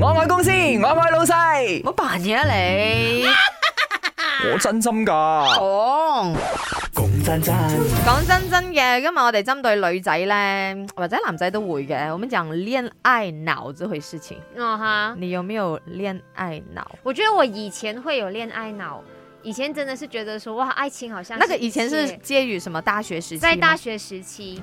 我愛公司，我愛老細。唔好扮嘢啊你！ 我真心噶。哦講公真真，講真真嘅，今日我哋針對女仔咧，或者男仔都會嘅，我們講戀愛腦呢回事情。哦哈！你有沒有戀愛腦？我覺得我以前會有戀愛腦，以前真的是覺得說，哇，愛情好像是那個以前是介於什麼大學時期，在大學時期。